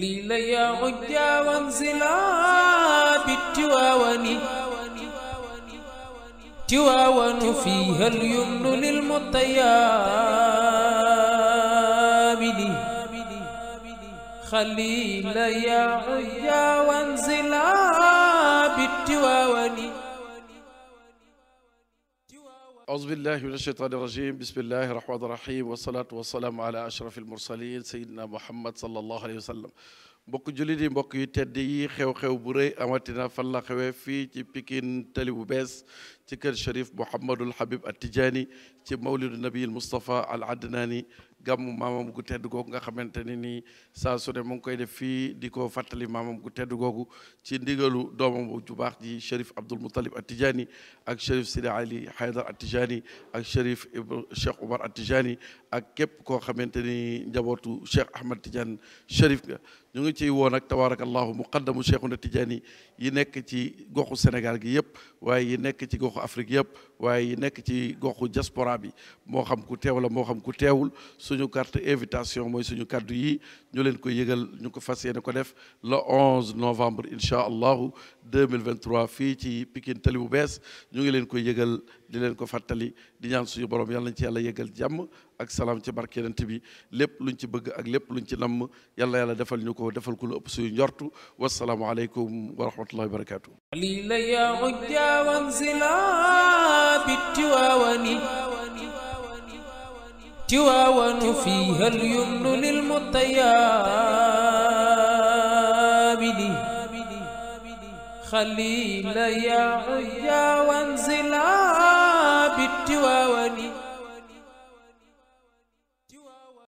لي يا عجا وانزلا بالتواون تواون فيها اليمن للمطيامن خليل يا عجا وانزلا aousubillah min asheytaan irajim bismillahi rahmaani rahim wasalatu wasalaamu ala ashraf almursalin sayidina muhammad salallahu alayhi wa sallam mbokk jullit yi mbokk yu tedd yi xew-xew bu rëy amatina fan la xewee fii ci Pikine tali bu bees ci kër Cherif Mouhamadul Habib at Tidjani ci mawlidu nabi al Mustafa al Adnani gàmmu maamam gu tedd googu nga xamante ni nii saa su ngi koy def fii di ko fàttali maamam gu tedd googu ci ndigalu doomam bu baax ji Chérif Abdoul Moutalib At-Tidjani ak Chérif Sidi Ali Haydar At-Tidjani ak Chérif Cheikh Oumar At-Tidjani ak képp koo xamante ni njabootu Cheikh Ahmad Tidiane Chérif nga ñu ngi ciy woo nag tabaarakallahu muqaddamu Cheikhuna Tidiane yi nekk ci goxu Sénégal gi yëpp waaye yi nekk ci goxu Afrique yëpp waaye yi nekk ci goxu diaspora bi moo xam ku suñu carte invitation mooy suñu kàddu yi ñu leen ko yëgal ñu ko fas yéene ko def le 11 novembre incha allahu 2023 fii ci Pikine Tali bu bees ñu ngi leen koy yëgal di leen ko fàttali di ñaan suñu borom yàlla nañ ci yàlla yëgal jàmm ak salaam ci barke yonent bi lépp luñ ci bëgg ak lépp luñ ci namm yàlla yàlla defal ñu ko defal ko lu ëpp suñu njortu wasalaamu aleykum wa rahmatullahi wa barakatuh lii tiwaawan fiiha al-yumnu lil-mutayaabi xaliila yaa ujaa wanzila bi tiwaawani